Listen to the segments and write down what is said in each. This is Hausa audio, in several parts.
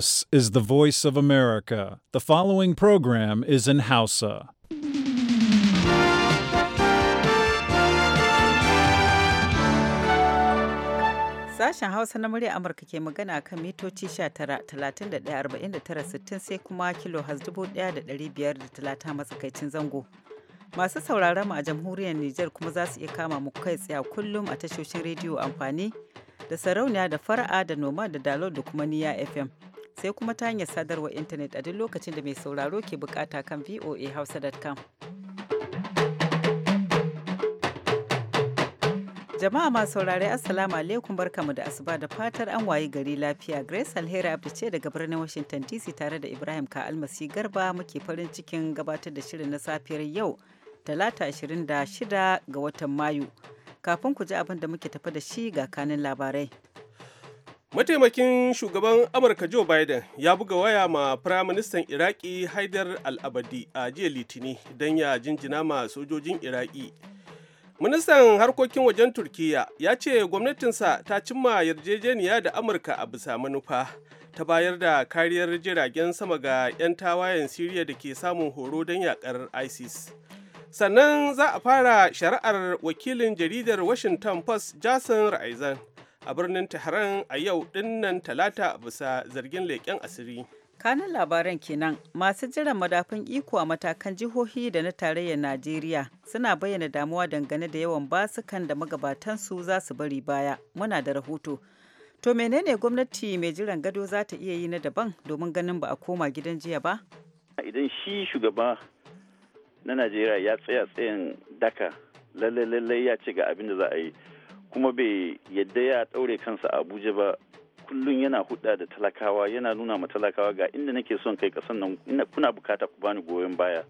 This is the voice of America. The following program is in Hausa. Sashen Hausa na murya Amurka ke magana kan mitoci 19,31,49,60 sai kuma kilo has 1,530 matsakaicin zango. Masu sauraron mu a jamhuriyar Nijar kuma za su iya kama mu kai tsaye kullum a tashoshin rediyo amfani da sarauniya da fara'a da noma da dalo da kuma niya FM. sai kuma ta hanyar sadarwar intanet a duk lokacin da mai sauraro ke bukata kan voahausa.com. Jama'a ma saurare Assalamu alaikum barkamu da asuba da fatar an wayi gari lafiya Grace Alheri Abdi ce daga birnin Washington DC tare da Ibrahim ka almasi Garba muke farin cikin gabatar da shirin na safiyar yau Talata 26 ga watan Mayu. Kafin ku ji abin da muke tafi da shi ga kanin labarai. mataimakin shugaban amurka joe biden ya buga waya ma firaministan iraki haidar al-abadi a jiya litini don ya jinjina ma sojojin iraki ministan harkokin wajen Turkiyya ya ce gwamnatinsa ta cimma yarjejeniya da amurka a bisa manufa ta bayar da kariyar jiragen sama ga 'yan tawayen siriya da ke samun horo don yakar isis sannan za a fara shari'ar wakilin jaridar washington post jason raizan a birnin Tehran a yau dinnan talata bisa zargin leƙen asiri. Kanan labaran kenan masu jiran madafun iko a matakan jihohi da na tarayyar Najeriya suna bayyana damuwa dangane da yawan basukan da magabatansu za su bari baya. Muna da rahoto. To menene gwamnati mai jiran gado za ta iya yi na daban domin ganin ba a koma gidan jiya ba? Idan shi shugaba na Najeriya ya tsaya tsayin daka lalle lallai ya ce ga abin da za a yi. kuma bai yadda ya ɗaure kansa a abuja ba kullum yana hudda da talakawa yana nuna ma talakawa ga inda nake son kai kasan nan kuna bukata ku bani goyon baya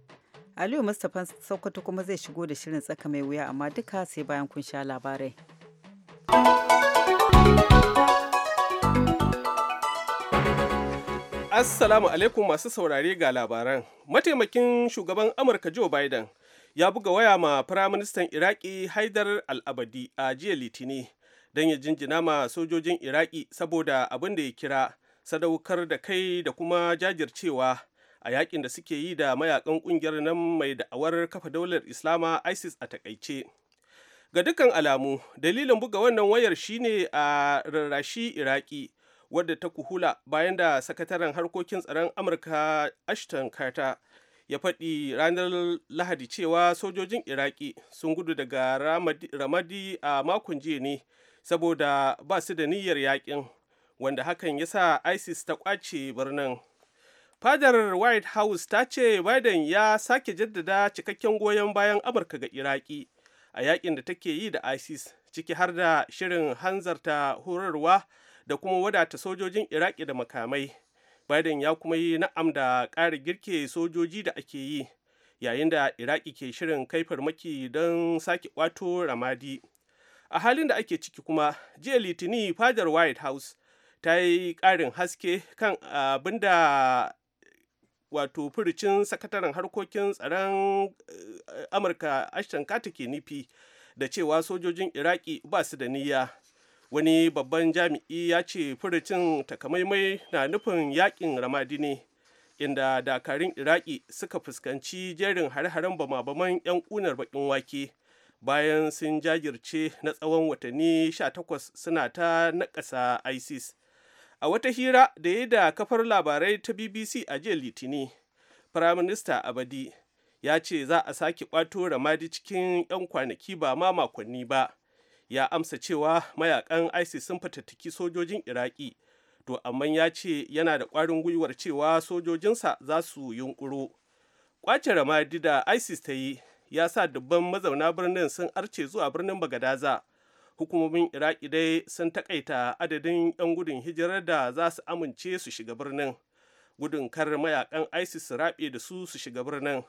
aliyu mustapha sokoto kuma zai shigo da shirin tsaka mai wuya amma duka sai bayan kun sha labarai assalamu alaikum masu saurare ga labaran mataimakin shugaban amurka joe biden ya buga waya ma firaministan iraki haidar al'abadi a jiya litini don ya jinjina ma sojojin iraki saboda abin da ya kira sadaukar da kai da kuma jajircewa a yakin da suke yi da mayakan kungiyar nan mai da'awar kafa daular islama isis a takaice ga dukkan alamu dalilin buga wannan wayar shine a rarrashi iraki wadda ta kuhula bayan da sakataren harkokin tsaron amurka ashton carter ya faɗi ranar lahadi cewa sojojin iraki sun gudu daga ramadi a makon jiya ne saboda ba su da niyyar yakin wanda hakan ya sa isis ta kwace birnin fadar white house ta ce biden ya sake jaddada cikakken goyon bayan amurka ga iraki a yakin da take yi da isis ciki har da shirin hanzarta horarwa da kuma wadata sojojin iraki da makamai biden ya kuma yi na'am da ƙara girke sojoji da ake yi yayin da iraki ke shirin kai farmaki don sake kwato ramadi a halin da ake ciki kuma jiya litini fadar white house ta yi ƙarin haske kan abin da wato furucin sakataren harkokin tsaron eh, amurka ashton carter ke nufi da cewa sojojin iraki ba su da niyya wani babban jami'i ya ce furucin takamaimai na nufin yakin ramadi ne inda dakarun iraki suka fuskanci jerin hare-haren bama-baman 'yan kunar bakin wake bayan sun jajirce na tsawon watanni 18 suna ta nakasa isis a wata hira da ya da kafar labarai ta bbc a jiya litini firaminista abadi ya ce za a sake kwato ramadi cikin 'yan kwanaki ba ma makonni ba ya amsa cewa mayakan isis sun fatattaki sojojin iraki to amma ya ce yana da ƙwarin gwiwar cewa sojojinsa za su yunkuro kwace ramadi da isis ta yi ya sa dubban mazauna birnin sun arce zuwa birnin bagadaza hukumomin iraki dai sun takaita adadin 'yan gudun hijirar da za su amince su shiga birnin gudun kar mayakan isis su rabe da su su shiga birnin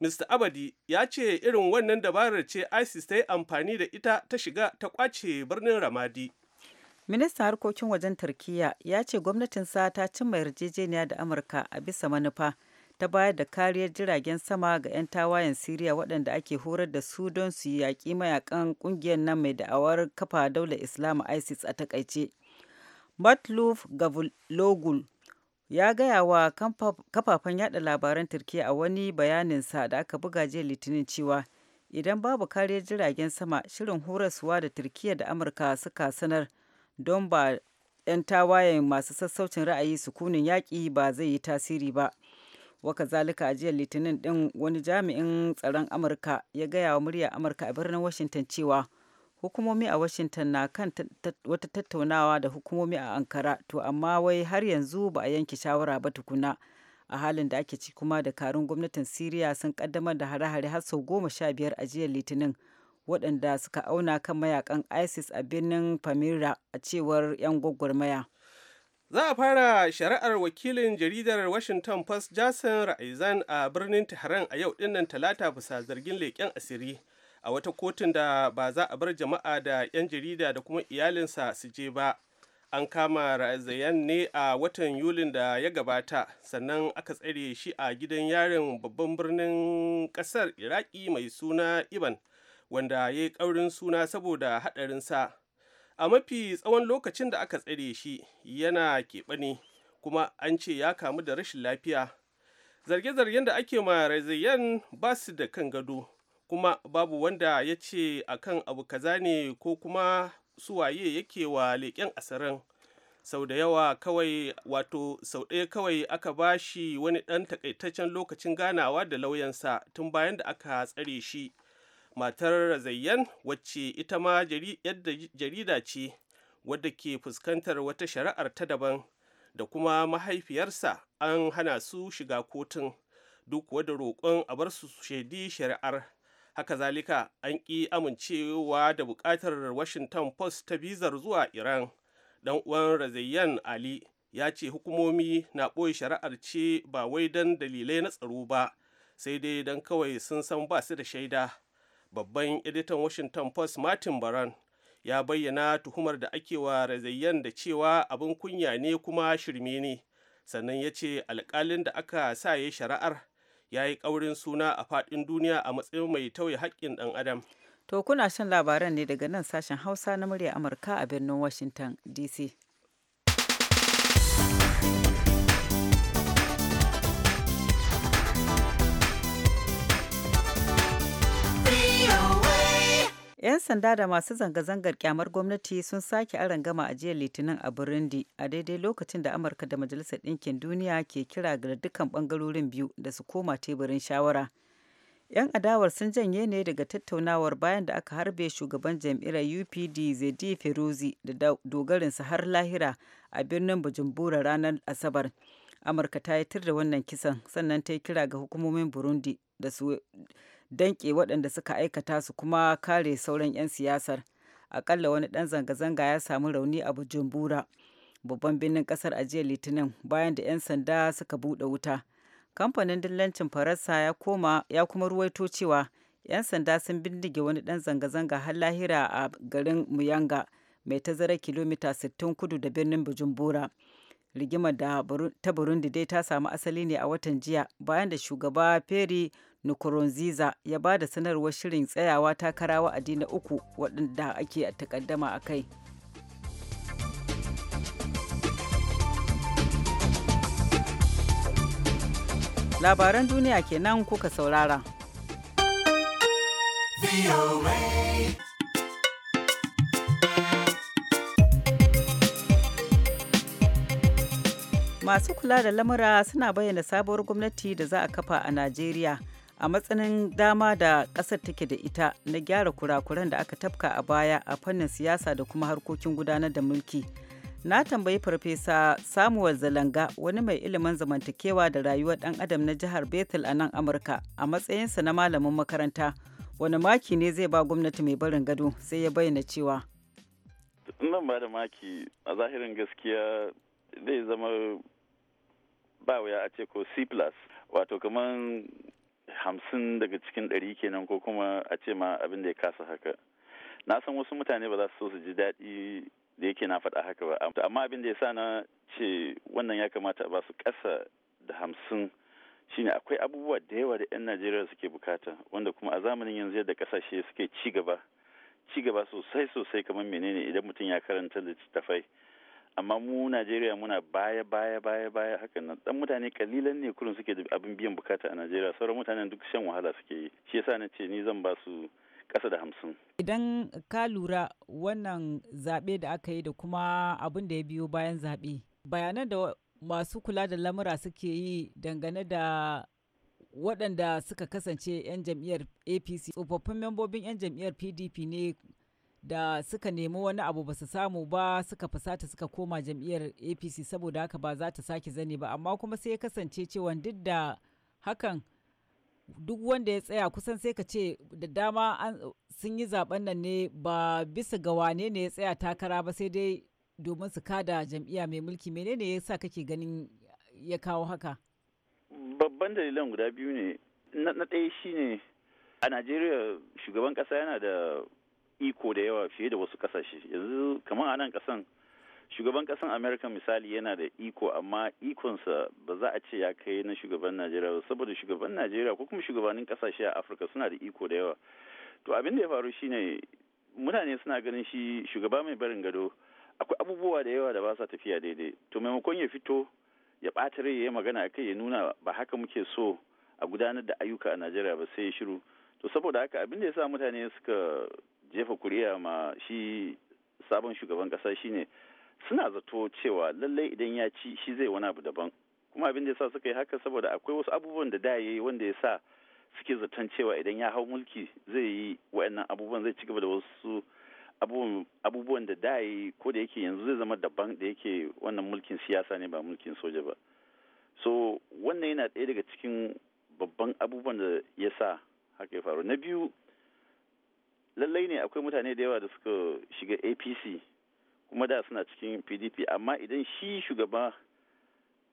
Mr. Abadi ya ce irin wannan dabarar ce ISIS ta yi amfani da ita ta shiga ta kwace birnin Ramadi. Ministan harkokin wajen Turkiyya ya ce gwamnatinsa ta cimma yarjejeniya da Amurka a bisa manufa ta bayar da kariyar jiragen sama ga 'yan tawayen Siriya waɗanda ake horar da su don su yaƙi mayakan ƙungiyar nan mai da'awar kafa daular Islam ISIS a takaice. Matluf Gavulogul ya gaya wa kafafen yada labaran turkiya a wani bayaninsa da aka buga jiya litinin cewa idan babu kariyar jiragen sama shirin horaswa da turkiya da amurka suka sanar don ba 'yan tawayen masu sassaucin ra'ayi sukunin yaƙi ba zai yi tasiri ba waka zalika a jiya litinin din wani jami'in tsaron amurka ya gaya wa murya amurka a birnin washington cewa hukumomi a washington na kan wata tattaunawa da hukumomi a ankara to amma wai har yanzu ba a yanke shawara ba tukuna a halin da ake ci kuma da karun gwamnatin siriya sun kaddamar da hare-hare har sau goma sha biyar a jiya litinin waɗanda suka auna kan mayakan isis a birnin pamira a cewar 'yan gwagwarmaya za a fara shari'ar wakilin jaridar washington post jason ra'izan a birnin tehran a yau dinnan talata bisa zargin leƙen asiri a wata kotun da ba za a bar jama'a da 'yan jarida da kuma iyalinsa su je ba an kama razayan ne a watan yulin da ya gabata sannan aka tsare shi a gidan yarin babban birnin kasar iraki mai suna iban wanda ya yi ƙaurin suna saboda haɗarinsa a mafi tsawon lokacin da aka tsare shi yana keɓe kuma an ce ya kamu da rashin lafiya zarge-zargen da ake ma razayan ba su da kan gado kuma babu wanda ya ce akan abu kaza ne ko kuma suwaye yake wa leƙen asirin sau da yawa kawai wato sau ɗaya kawai aka ba shi wani ɗan takaitaccen lokacin ganawa da lauyansa tun bayan da aka tsare shi matar zayyan wacce ita ma yadda jarida ce wadda ke fuskantar wata shari'ar ta daban da kuma mahaifiyarsa an hana su shiga kotun duk wadda roƙon a bar su shaidi shari'ar haka zalika an ƙi amincewa da buƙatar washington post ta bizar zuwa iran dan uwan razayyan ali ya ce hukumomi na ɓoye shari'ar ce ba wai don dalilai na tsaro ba sai dai don kawai sun san ba su da shaida babban editan washington post martin baran ya bayyana tuhumar da ake wa razayyan da cewa abin kunya ne kuma shirme ne sannan ya ce alƙalin da aka sa ya shari'ar ya yi ƙaurin suna a faɗin duniya a matsayin mai tauye haƙƙin ɗan adam to kuna shan labaran ne daga nan sashen hausa na murya amurka a birnin washington dc 'Yan sanda da masu zanga-zangar kyamar gwamnati sun sake gama a jiya Litinin a Burundi a daidai lokacin da Amurka da Majalisar Ɗinkin Duniya ke kira ga dukkan bangarorin biyu da su koma teburin shawara. 'Yan adawar sun janye ne daga tattaunawar bayan da aka harbe shugaban jam'iyyar UPD Zedi Ferozi da dogarinsa har lahira a birnin Bujumbura ranar Asabar. Amurka ta yi tir da wannan kisan sannan ta yi kira ga hukumomin Burundi danƙe waɗanda suka aikata su kuma kare sauran 'yan siyasar akalla wani ɗan zanga-zanga ya samu rauni a bujumbura babban birnin ƙasar a litinin bayan da 'yan sanda suka buɗe wuta kamfanin dillancin faransa ya koma ya kuma ruwaito cewa 'yan sanda sun bindige wani ɗan zanga-zanga har lahira a garin muyanga mai tazara kilomita 60 kudu da birnin bujumbura rigimar da ta burundi dai ta samu asali ne a watan jiya bayan da shugaba Pierre nkurunziza ya ba da sanarwar shirin tsayawa takara wa'adi na uku waɗanda ake takaddama a kai labaran duniya kenan kuka saurara. masu kula da lamura suna bayyana sabuwar gwamnati da za a kafa a najeriya a matsanin dama da ƙasar take da ita na gyara kurakuran da aka tafka a baya a fannin siyasa da kuma harkokin gudanar da mulki na tambayi farfesa samuel zalanga wani mai ilimin zamantakewa da rayuwar ɗan adam na jihar bethel a nan amurka a matsayinsa na malamin makaranta wani maki ne zai ba gwamnati mai barin gado sai ya bayyana cewa nan ba da maki a zahirin gaskiya zai zama ba wuya a ce ko C plus wato kamar hamsin daga cikin ɗari kenan ko kuma a ce ma abin da ya kasa haka. Na san wasu mutane ba za su so su ji daɗi da yake na faɗa haka ba amma abin da ya sa na ce wannan ya kamata ba su ƙasa da hamsin shine akwai abubuwa da yawa da 'yan najeriya suke bukata wanda kuma a zamanin yanzu yadda ƙasashe suke ci gaba ci gaba sosai sosai kamar menene idan mutum ya karanta littattafai amma mu Najeriya muna baya baya baya baya hakan nan dan mutane kalilan ne kurin suke da abin biyan bukata a Najeriya sauran mutanen duk shan wahala suke yi shi yasa na ce ni zan ba su kasa da hamsin. Idan ka lura wannan zaɓe da aka yi da kuma abin da ya biyo bayan zaɓe bayanan da masu kula da lamura suke yi dangane da waɗanda suka kasance 'yan jam'iyyar apc tsofaffin membobin 'yan jam'iyyar pdp ne da suka nemi wani abu ba su samu ba suka fusata suka koma jam'iyyar apc saboda haka ba za ta sake zane ba amma kuma sai ya kasance cewa duk da hakan duk wanda ya tsaya kusan sai ka ce da dama sun yi zaben nan ne ba bisa ga wane ne ya tsaya takara ba sai dai domin su kada jam'iyya mai mulki menene ya sa kake ganin ya kawo haka babban dalilan guda biyu ne na ɗaya shine a najeriya shugaban ƙasa yana da iko da yawa fiye da wasu kasashe yanzu kamar a nan kasan shugaban kasan america misali yana da iko amma ikonsa ba za a ce ya kai na shugaban najeriya ba saboda shugaban najeriya ko kuma shugabannin kasashe a afirka suna da iko da yawa to abin da ya faru shine mutane suna ganin shi shugaba mai barin gado akwai abubuwa da yawa da ba sa tafiya daidai to maimakon ya fito ya ɓata rai ya magana kai ya nuna ba haka muke so a gudanar da ayyuka a najeriya ba sai ya shiru to saboda haka abin da ya sa mutane suka jefa kuri'a ma shi sabon shugaban kasa shine suna zato cewa lallai idan ya ci shi zai wani abu daban kuma abin da ya sa suka yi haka saboda akwai wasu abubuwan da da ya yi wanda ya sa suke zaton cewa idan ya hau mulki zai yi wa'annan abubuwan zai ci gaba da wasu abubuwan da da yi ko da yake yanzu zai zama daban da yake wannan mulkin siyasa ne ba mulkin soja ba so wannan yana ɗaya daga cikin babban abubuwan da ya sa haka ya faru na biyu lallai ne akwai mutane da yawa da suka shiga apc kuma da suna cikin pdp amma idan shi shugaba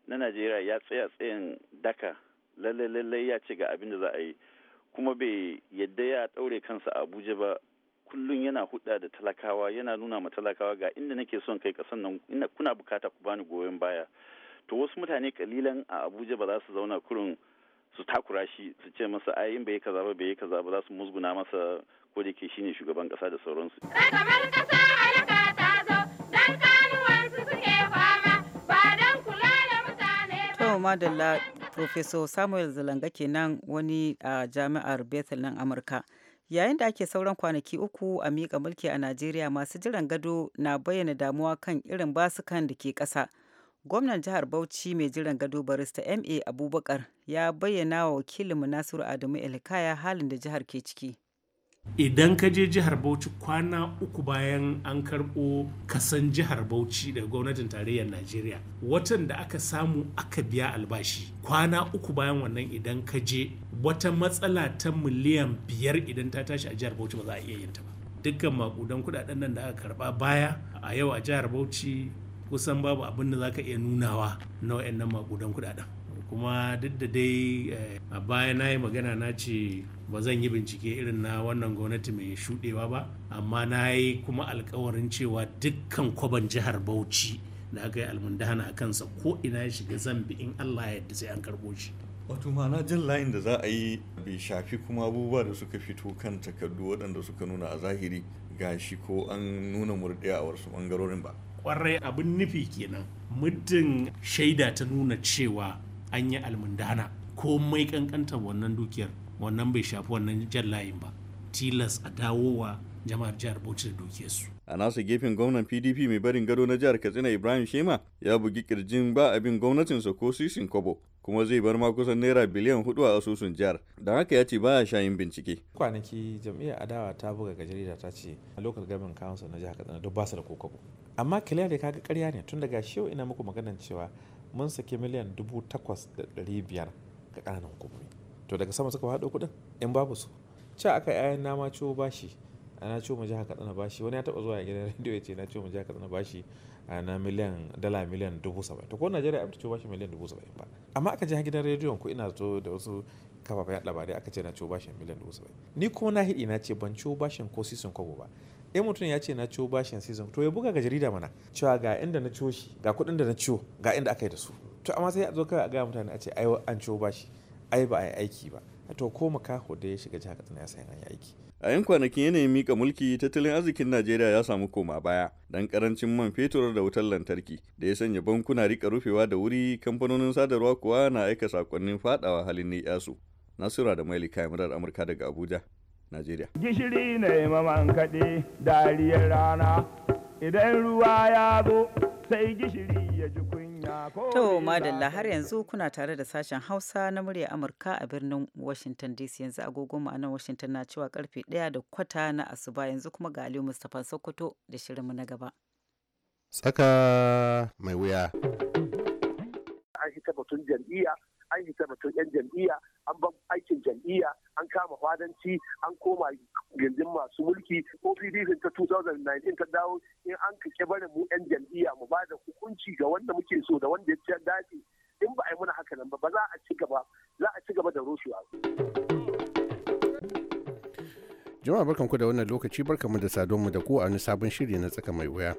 na najeriya ya tsaya tsayin daka lallai lallai ya ce ga abin da za a yi kuma bai yadda ya ɗaure kansa a abuja ba kullum yana hudda da talakawa yana nuna ma talakawa ga inda nake son kai kasan nan kuna bukata ku bani goyon baya to wasu mutane kalilan a abuja ba za su zauna kurin. su takura shi su ce masa ai in bai kaza ba bai kaza ba za su musguna masa ko da ke shine shugaban kasa da sauransu. Ragamar kasa halaka ta zo dan kanuwansu suke fama ba dan kula da mutane To madalla Professor Samuel Zalanga kenan wani a jami'ar Bethel nan Amurka. Yayin da ake sauran kwanaki uku a miƙa mulki a Najeriya masu jiran gado na bayyana damuwa kan irin basukan da ke ƙasa. gwamnan jihar bauchi mai jiran gado barista ma abubakar ya bayyana wa wakilinmu nasiru adamu elkaya halin da jihar ke ciki idan ka je jihar bauchi kwana uku bayan an karɓo kasan jihar bauchi daga gwamnatin tarayyar najeriya watan da aka samu aka biya albashi kwana uku bayan wannan idan ka je wata matsala ta miliyan biyar idan ta tashi a jihar bauchi ba za a iya yin ta ba dukkan makudan kudaden nan da aka karba baya a yau a jihar bauchi kusan babu abin da za ka iya nunawa na wayannan makudan kudaden kuma duk da dai eh, a baya na yi magana na ce ba zan yi bincike irin na wannan gwamnati mai shuɗewa ba amma na yi kuma alkawarin cewa dukkan kwaban jihar bauchi da aka yi almundana a kansa ko ina ya shiga bi in allah ya yadda sai an karɓo shi wato ma'ana jin layin da za a yi bai shafi kuma abubuwa da suka fito kan takardu waɗanda suka nuna a zahiri gashi ko an nuna murɗiya a wasu ɓangarorin ba kwarai abin nufi kenan muddin shaida ta nuna cewa an yi almundana ko mai kankantar wannan dukiyar wannan bai shafi wannan jan layin ba tilas a dawowa jama'ar jihar bauchi da dukiyarsu a nasa gefen gwamnan pdp mai barin gado na jihar katsina ibrahim shema ya bugi kirjin ba abin gwamnatinsa ko sisin kobo kuma zai bar ma kusan naira biliyan hudu a asusun jihar don haka ya ce baya shayin bincike kwanaki jam'iyyar adawa ta buga ga jarida ta ce a local government council na jihar katsina duk basu da kokobo amma kiliyar da kaga karya ne tun daga yau ina muku maganan cewa mun saki miliyan dubu takwas da ɗari biyar ga ƙananan hukumomi to daga sama suka haɗo kuɗin in babu su ce aka yayan nama ciwo bashi ana na ciwo mu jihar katsina bashi wani ya taɓa zuwa gidan rediyo ya ce na ciwo mu jihar katsina bashi na miliyan dala miliyan dubu saba'in to ko najeriya abin ciwo bashi miliyan dubu saba'in ba amma aka je gidan rediyon ko ina zo da wasu kafafen yaɗa labarai aka ce na ciwo bashin miliyan dubu saba'in ni ko na hidi na ce ban ciwo bashin ko sisin kwabo ba in mutum ya ce na ciwo bashin season to ya buga ga jarida mana cewa ga inda na ciwo shi ga kuɗin da na ciwo ga inda aka yi da su to amma sai a zo kawai a gaya mutane a ce ai an ciwo bashi ai ba a yi aiki ba to ko makaho da ya shiga jihar katsina ya san an yi aiki A 'yan kwanakin yanayin mika mulki tattalin arzikin Najeriya ya samu koma baya don karancin man fetur da wutar lantarki da ya sanya bankuna rika rufewa da wuri kamfanonin sadarwa kuwa na aika sakonnin fadawa halin ne yasu. Nasura da Maili Kamarar Amurka daga Abuja, Najeriya. Gishiri ne maman kaɗe dariyar rana idan ruwa ya zo sai gishiri ya ji To madalla har yanzu kuna tare da sashen Hausa na murya Amurka a birnin Washington DC yanzu agogo mu nan Washington na cewa karfe 1 da kwata na asuba yanzu kuma ga Aliyu Mustapha Sokoto da shirinmu na gaba. Tsaka mai wuya. An hita batun jam'iyya an yi batun yan jam'iyya an ban aikin jam'iyya an kama fadanci an koma gindin masu mulki ko pdp ta 2019 ta dawo in an kake barin mu yan jam'iyya mu ba da hukunci ga wanda muke so da wanda ya dace in ba a yi muna haka nan ba za a ci gaba za a ci gaba da rushewa. jama'a barkanku da wannan lokaci mu da sadonmu da ku a wani sabon shiri na tsaka mai wuya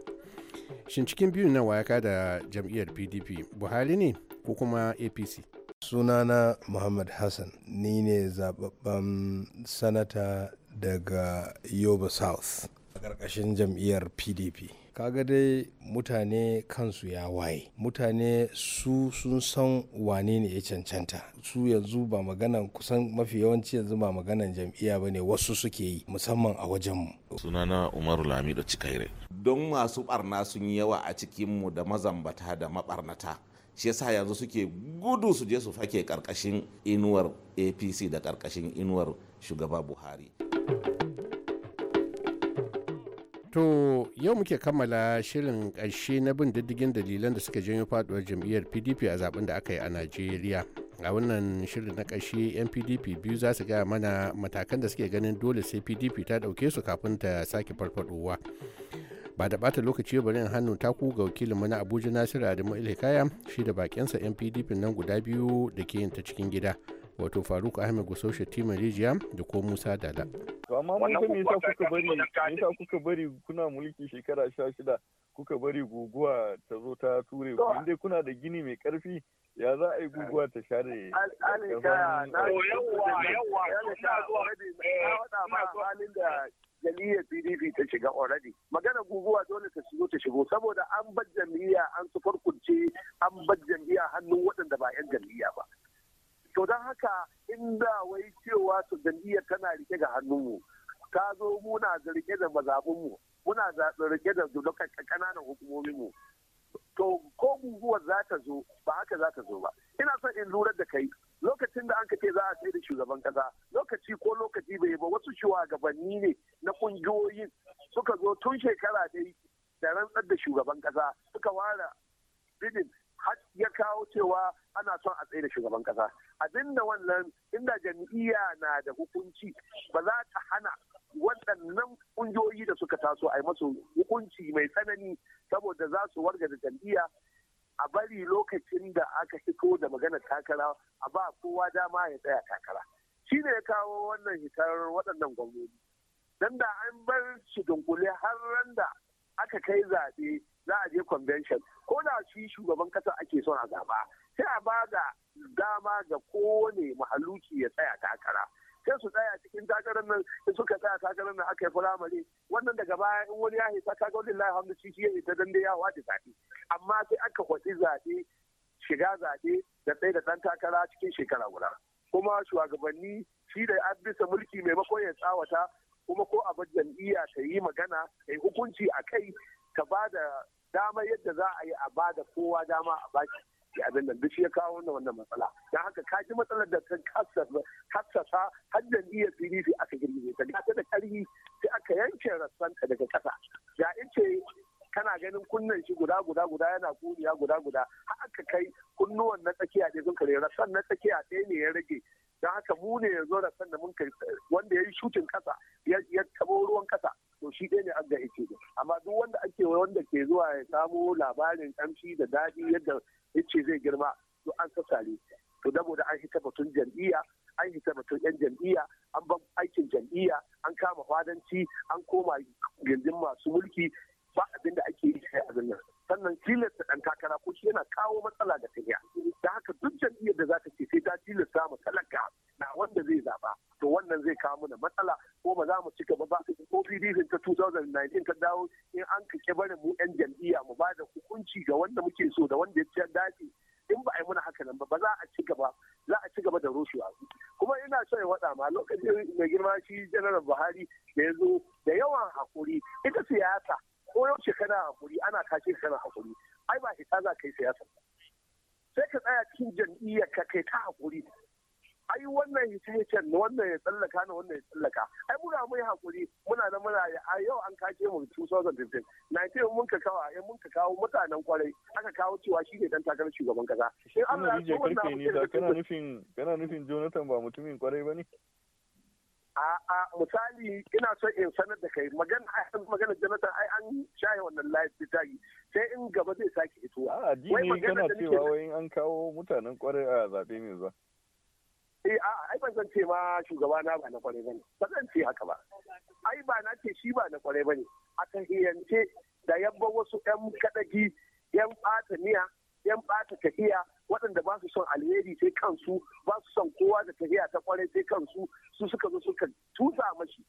shin cikin biyun na wayaka da jam'iyyar pdp buhari ne ko kuma apc sunana muhammad hassan ni ne zababben sanata daga yoba south a ƙarƙashin jam'iyyar pdp kaga dai mutane kansu ya waye mutane su sun san wane ne ya cancanta su yanzu ba maganan kusan mafi yawanci yanzu ba maganan jam'iyya ba ne wasu suke yi musamman a wajenmu sunana umaru lamido cikaire don masu barna sun yi yawa a cikinmu da mazambata da mabarnata shi yasa yanzu suke gudu su je su fake karkashin inuwar apc da karkashin inuwar shugaba buhari To yau muke kammala shirin ƙarshe na bin diddigin dalilan da suka janyo faduwar jam'iyyar PDP a zaben da aka yi a Najeriya. A wannan shirin na ƙarshe 'yan PDP biyu za su gaya mana matakan da suke ganin dole sai PDP ta ɗauke su kafin ta sake farfadowa. ba da bata lokaci bari in hannu taku ga wakilinmu na abuja nasiru adamu ilhikaya shi da bakinsa yan pdp nan guda biyu da ke yin ta cikin gida wato faruk ahmed gusau shatima rijiya da ko musa dala to amma mun ga me kuka bari me kuka bari kuna mulki shekara shida kuka bari guguwa ta zo ta ture ku dai kuna da gini mai karfi ya za a yi guguwa ta share da jam'iyyar pdp ta shiga already magana guguwa dole ta shigo ta shigo saboda an bar jam'iyya an su farkunce an bar jam'iyya hannun waɗanda ba 'yan jam'iyya ba to don haka in wai cewa su jam'iyyar tana rike ga hannunmu ta zo muna da rike da mazabunmu muna rike da dukkan ƙananan hukumominmu to ko guguwar za ta zo ba haka za ta zo ba ina son in lura da kai lokacin da anka ce za a tsere da shugaban kasa lokaci ko lokaci bai ba wasu shugabanni ne na kungiyoyin suka zo tun shekara dai da rantsar da shugaban kasa suka ware bidin har ya kawo cewa ana son a tsaye da shugaban kasa abinda wannan inda jam'iyya na da hukunci ba za ta hana waɗannan ƙungiyoyi da suka taso a yi masu hukunci mai tsanani saboda za su warga da jam'iyya a bari lokacin da aka fito da magana takara a ba kowa dama ya tsaya takara shi ne ya kawo wannan hitar waɗannan gwamnoni don da an bar shi dunkule har ran da aka kai zaɓe za a je convention ko da shi shugaban ƙasa ake son a zaɓa sai a ba da dama ga kowane mahaluki ya tsaya takara sai su tsaya cikin takarar nan in suka tsaya takarar nan aka yi firamare wannan daga baya in wani ya ta kaga wani lahi hamdu shi ya hita dan dai ya wadi zaɓe amma sai aka kwaci zaɓe shiga zaɓe da ɗaya da ɗan takara cikin shekara guda kuma shugabanni shi da an bisa mulki maimakon ya tsawata kuma ko a bar jam'iyya ta yi magana ta yi hukunci a kai ta ba da dama yadda za a yi a ba da kowa dama a baki abin nan duk shi ya kawo wannan wannan matsala don haka ka ji matsalar da kan hajjan har jam'iyyar PDP aka girgize ta ga da karfi sai aka yanke rassan ta daga kasa ya ce kana ganin kunnen shi guda guda guda yana kuriya guda guda har aka kai kunnuwan na tsakiya ne sun kare rassan na tsakiya ɗaya ne ya rage da haka mu ne yanzu da san da mun kai wanda ya yi shutin kasa ya tabo ruwan kasa to shi ɗaya ne an ga ice amma duk wanda ake wanda ke zuwa ya samo labarin kamshi da daɗi yadda ice zai girma to an sassare to da an hita batun jam'iyya an hita batun yan jam'iyya an ban aikin jam'iyya an kama fadanci an koma gindin masu mulki ba abin da ake yi a nan sannan tilasta ɗan takara ko shi yana kawo matsala da tafiya da haka duk jam'iyyar da za ta ce sai ta tilasta mu talaka na wanda zai zaba to wannan zai kawo mana matsala ko ba za mu ci gaba ba OPD ta 2019 ta dawo in an kake barin mu yan jam'iyya mu ba da hukunci ga wanda muke so da wanda ya dace in ba a yi mana haka nan ba ba za a ci gaba za a ci gaba da rushewa kuma ina so ya wada ma lokacin mai girma shi general Buhari da ya zo da yawan hakuri ita siyasa ko yaushe kana hakuri ana kashe kana hakuri ai ba hita za ka yi siyasa sai ka tsaya cikin jam'iyyar ka kai ta hakuri ai wannan ya ce na wannan ya tsallaka na wannan ya tsallaka ai muna mai hakuri muna da muna a yau an kake mu 2015 ce mun ka kawo ai mun ka kawo mutanen kwarai aka kawo cewa shi ne dan takarar shugaban kasa in an ya so wannan ne da kana nufin kana nufin Jonathan ba mutumin kwarai bane a a misali ina so in sanar da kai magana magana ne kana cewa wai an kawo mutanen kwarai a zaɓe mai zuwa. Eh ai ban san ce ma shugaba na ba na kwarai bane. Ba zan ce haka ba. Ai ba na ce shi ba na kwarai bane. A tahiyance da yabba wasu ƴan kadagi ƴan ɓata miya, ƴan ɓata tafiya, waɗanda ba su son alheri sai kansu, ba su son kowa da tafiya ta kwarai sai kansu, su suka zo suka tusa mashi.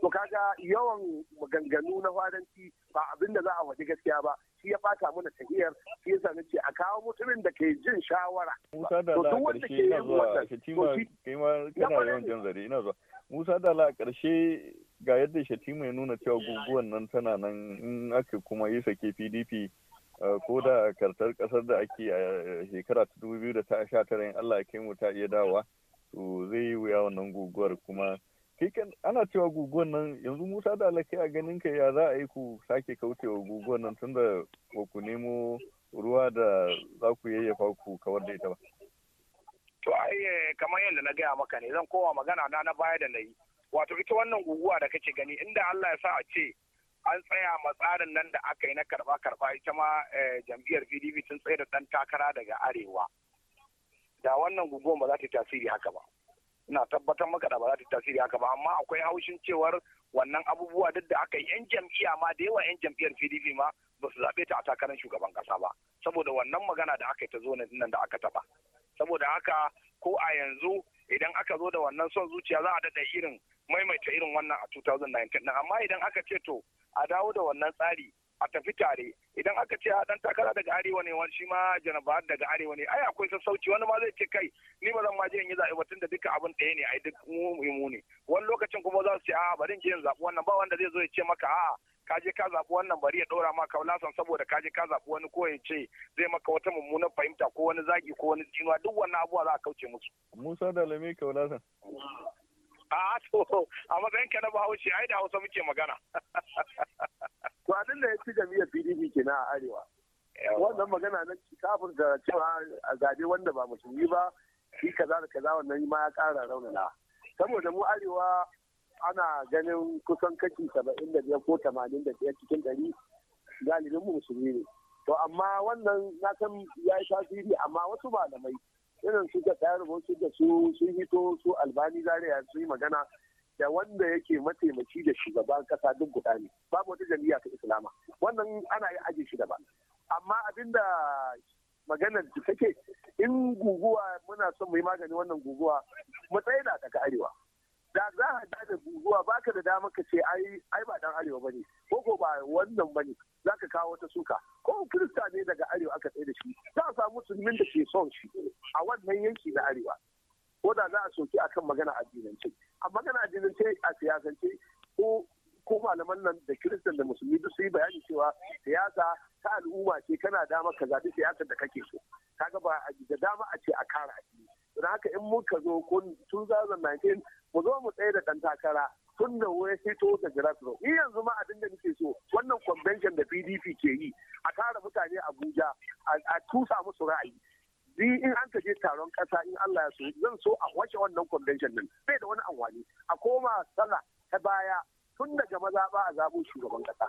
To kaga yawan maganganu na faranti ba abinda za a waje gaskiya ba, shi ya fata mana tahiyar shi yasa nace a kawo mutumin da ke jin shawara Musa da la karshe ina zuwa Shatima kana yawan jan zare ina zuwa Musa da la karshe ga yadda Shatima ya nuna cewa guguwan nan tana nan in aka kuma yi sake PDP ko da kartar kasar da ake a shekara ta dubu biyu da ta sha tara in Allah ya kai mu ta iya dawa to zai yi wuya wannan guguwar kuma kai ana cewa guguwan nan yanzu musa da alake a ganin ka ya za a yi ku sake kaucewa guguwan nan tunda ba ku nemo ruwa da za ku yayyafa ku kawar da ita ba to ai eh, kamar yadda na gaya maka ne zan koma magana na na baya da na yi wato ita wannan guguwa da kake gani inda Allah ya sa a ce an tsaya ma tsarin nan da aka yi na karba karba ita ma eh, jam'iyyar PDP sun tsaye da ɗan takara daga arewa da wannan guguwan ba za ta tasiri haka ba ina tabbatar maka da ba za ta tasiri haka ba amma akwai haushin cewar wannan abubuwa duk da aka yi yan jam'iyya ma da yawa yan jam'iyyar pdp ma ba su zaɓe ta a takarar shugaban ƙasa ba saboda wannan magana da aka yi ta zo nan da aka taɓa saboda haka ko a yanzu idan aka zo da wannan son zuciya za a daɗa irin maimaita irin wannan a 2019 amma idan aka ce to a dawo da wannan tsari a tafi tare idan aka ce a dan takara daga arewa ne wani shi ma janabar daga arewa ne ai akwai sassauci wani ma zai ce kai ni ba zan ma je in yi zaɓe ba tunda duka abin ɗaya ne a duk mu ne wani lokacin kuma za su ce a bari je in zaɓi wannan ba wanda zai zo ya ce maka a ka je ka zaɓi wannan bari ya ɗora kawai lasan saboda ka je ka zaɓi wani ko ya ce zai maka wata mummunan fahimta ko wani zagi ko wani jinuwa duk wannan abubuwa za a kauce musu. Musa da Lami kawai lasan. A to a matsayin ka na Bahaushe ai da Hausa muke magana. To abin da ya fi jami'ar PDP kenan a Arewa. Wannan magana na kafin da cewa a zaɓe wanda ba musulmi ba shi kaza da kaza wannan ma ya ƙara raunana saboda mu arewa ana ganin kusan kashi saba'in da biyar ko tamanin da biyar cikin ɗari galibin mu musulmi ne to amma wannan na san ya yi tasiri amma wasu malamai irin su ga tsayar su da su sun hito su albani Zariya su yi magana da wanda yake mataimaki da shugaban kasa duk guda ne babu wata jami'a ta islama wannan ana yi aji shi daban amma abinda maganar da take in guguwa muna son mu yi magani wannan guguwa mu tsaye da daga arewa da za a da da guguwa baka da dama ka ce ai ai ba dan arewa bane ko ko ba wannan bane ka kawo wata suka ko kirista ne daga arewa aka tsaye da shi za a samu musulmin da ke son shi a wannan yanki na arewa ko da za a soki akan magana addinance a magana addinance a siyasance ko ko malaman nan da kiristan da musulmi duk su yi bayani cewa siyasa ta al'umma ce kana dama ka zaɓi siyasar da kake so kaga ba da dama a ce a kara ciki don haka in muka zo ko 2019 mu zo mu tsaye da ɗan takara tun da ta fito da grassroots ni yanzu ma abin da nake so wannan convention da pdp ke yi a kara mutane abuja a tusa musu ra'ayi ni in an je taron kasa in allah ya so zan so a wace wannan convention din bai da wani amfani a koma sallah ta baya tun daga mazaɓa a zaɓo shugaban ƙasa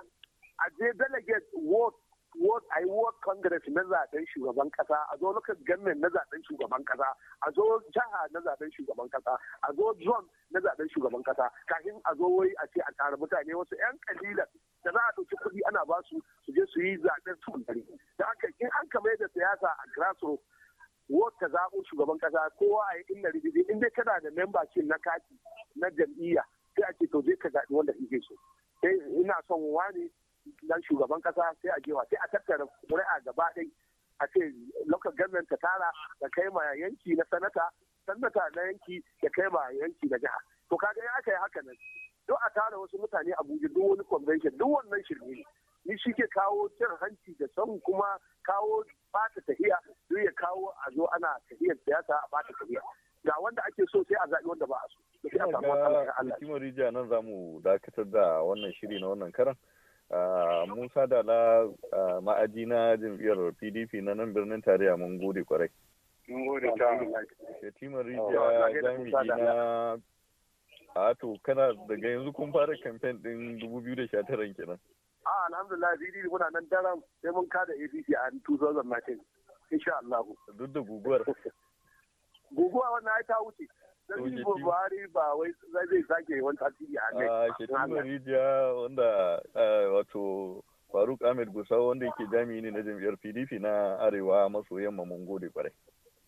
a je delegate ward ward a yi ward congress na zaɓen shugaban ƙasa a zo local government na zaɓen shugaban ƙasa a zo jaha na zaɓen shugaban ƙasa a zo zone na zaɓen shugaban ƙasa kafin a zo wai a ce a tara mutane wasu 'yan kalilan da za a ɗauki kuɗi ana ba su su je su yi zaɓen su gari da haka in an mai da siyasa a grassroots ta zaɓo shugaban ƙasa kowa a yi inda rigidi in dai kana da membership na kati na jam'iyya sai a ce to je ka zaɓi wanda kake so sai ina son wani dan shugaban kasa sai a jewa sai a tattara ƙuri'a gaba ɗai a ce local government ta tara da kai ma yanki na sanata sanata na yanki da kai ma yanki na jiha to kaga ya aka yi haka nan duk a tara wasu mutane abuja duk wani convention duk wannan shirme ne ni shi ke kawo cin hanci da son kuma kawo bata tahiya duk ya kawo a zo ana tahiyar siyasa a bata tahiya ga wanda ake so sai a zaɓi wanda ba a so hikimar rijiya nan za mu dakatar da wannan shiri na wannan karan ah, musa da la ah, ma'aji na jam'iyyar pdp na nan birnin tarayya mun gode kwarai mun gode ta hikimar oh, rijiya jami'i na ato kana daga yanzu kun fara kamfen din 2019 kenan a ah, alhamdulillah pdp muna nan daram sai mun kada apc a 2019 insha Allah duk da guguwar guguwa wannan ai ta wuce Sabbi Buhari ba wai zai sake wani tasiri a kai. Ah, Shekaru Rijiya wanda ah, wato Faruk Ahmed Gusau wanda yake jami'i ne na jam'iyyar PDP na Arewa maso yamma mun gode kwarai.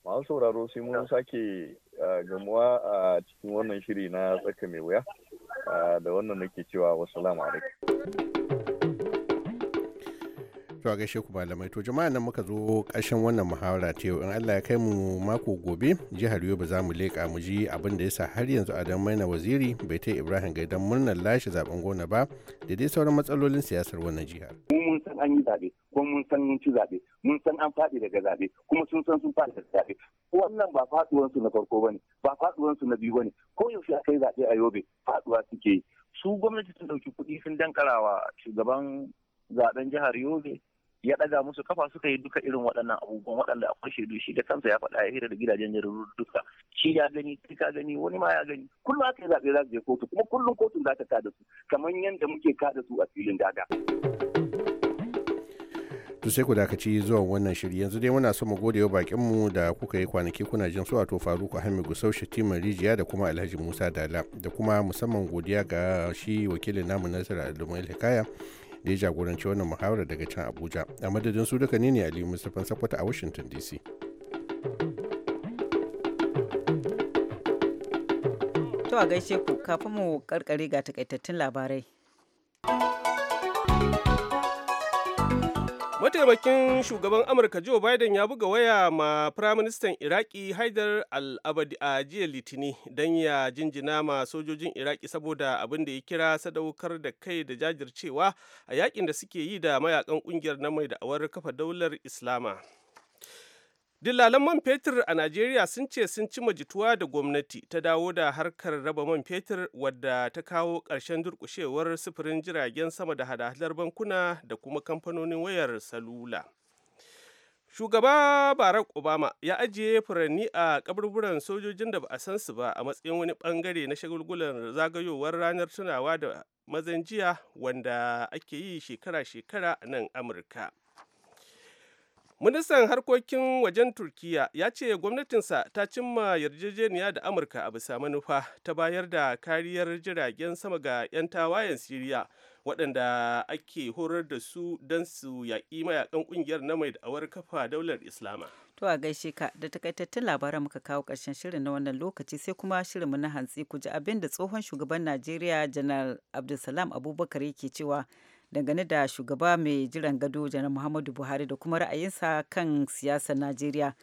Masu sauraro sai mun sake ah, gamuwa a cikin wannan shiri na tsaka mai wuya da wannan nake cewa wasu alaikum. rufewa gaishe ku malamai to jama'a nan muka zo ƙarshen wannan muhawara ta yau in Allah ya kai mu mako gobe jihar Yobe za mu leƙa mu ji abin da yasa har yanzu Adam Maina Waziri bai ta Ibrahim Gaidan murnar lashe zaben gona ba da dai sauran matsalolin siyasar wannan jihar. Mun san an yi zaɓe ko mun san mun ci zaɓe mun san an faɗi daga zaɓe kuma sun san sun faɗi daga zaɓe wannan ba su na farko bane ba su na biyu bane ko yaushe akai zaɓe a Yobe faɗuwa suke yi su gwamnati sun dauki kuɗi sun dankarawa shugaban zaben jihar Yobe ya ɗaga musu kafa suka yi duka irin waɗannan abubuwan waɗanda akwai shaidu shi da kansa ya faɗa ya hira da gidajen jaridun duka shi ya gani shi ka gani wani ma ya gani kullum aka yi zaɓe za su je kotu kuma kullum kotun za ta kada su kamar yadda muke kada su a filin daga. to sai ku dakaci zuwan wannan shiri yanzu dai muna so mu gode wa bakin mu da kuka yi kwanaki kuna jin su to Faruku Ahmed Gusau Shatima Rijiya da kuma Alhaji Musa Dala da kuma musamman godiya ga shi wakilin namu Nasir al Hikaya da ya jagoranci wannan muhawarar daga can abuja a madadin su duka ne ne aliyu mustapha sakwata a washington dc to a gaishe ku kafin mu karkare ga takaitattun labarai mataimakin shugaban amurka joe biden ya buga waya ma firaministan iraki haidar al-abadi a jiya litini don ya jinjina ma sojojin iraki saboda abin da ya kira sadaukar da kai da jajircewa a yakin da suke yi da mayakan kungiyar na mai da'awar kafa daular islama Dillalan man fetur a Najeriya sun ce sun ci majituwa da gwamnati ta dawo da harkar raba man fetur wadda ta kawo ƙarshen durƙushewar sufurin jiragen sama da hada bankuna da kuma kamfanonin wayar salula. Shugaba Barack Obama ya ajiye furanni a kaburburan sojojin da ba a san su ba a matsayin wani bangare na shagulgulan zagayowar ranar tunawa da mazan jiya wanda ake yi shekara-shekara a nan Amurka. ministan harkokin wajen turkiyya ya ce gwamnatinsa ta cimma yarjejeniya da amurka a bisa manufa ta bayar da kariyar jiragen sama ga 'yan tawayen siriya waɗanda ake horar da su don su yaƙi mayakan ƙungiyar na mai da'awar kafa daular islama to a gaishe ka da takaitattun labaran muka kawo ƙarshen shirin na wannan lokaci sai kuma shirin mu na hantsi ku ji abin da tsohon shugaban najeriya janar abdulsalam abubakar yake cewa dangane da shugaba mai jiran gado janar muhammadu buhari da kuma ra'ayinsa kan siyasar najeriya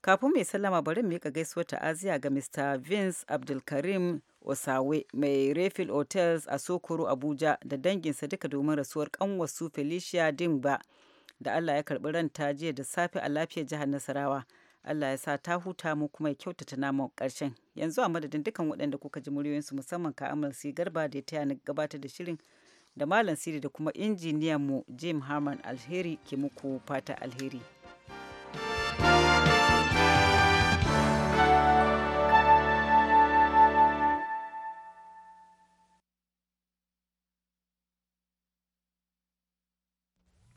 kafin mai sallama bari mika gaisuwar ta'aziya ga mr vince abdulkarim osawe mai refil hotels a sokoro abuja da danginsa duka domin rasuwar kanwarsu felicia dimba da allah ya karbi ranta jiya da safe a lafiyar jihar nasarawa allah ya sa ta huta mu kuma ya kyautata namu karshen yanzu a madadin dukan waɗanda kuka ji muryoyinsu musamman ka amal garba da ya taya ni gabatar da shirin da Malam Siri da kuma Jim Harman Alheri ke muku fata alheri.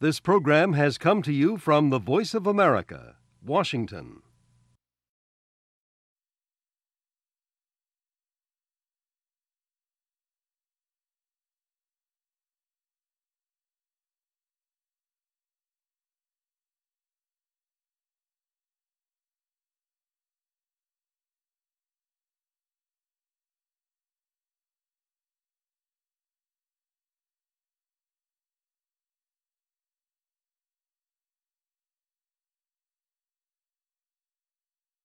This program has come to you from the Voice of America, Washington.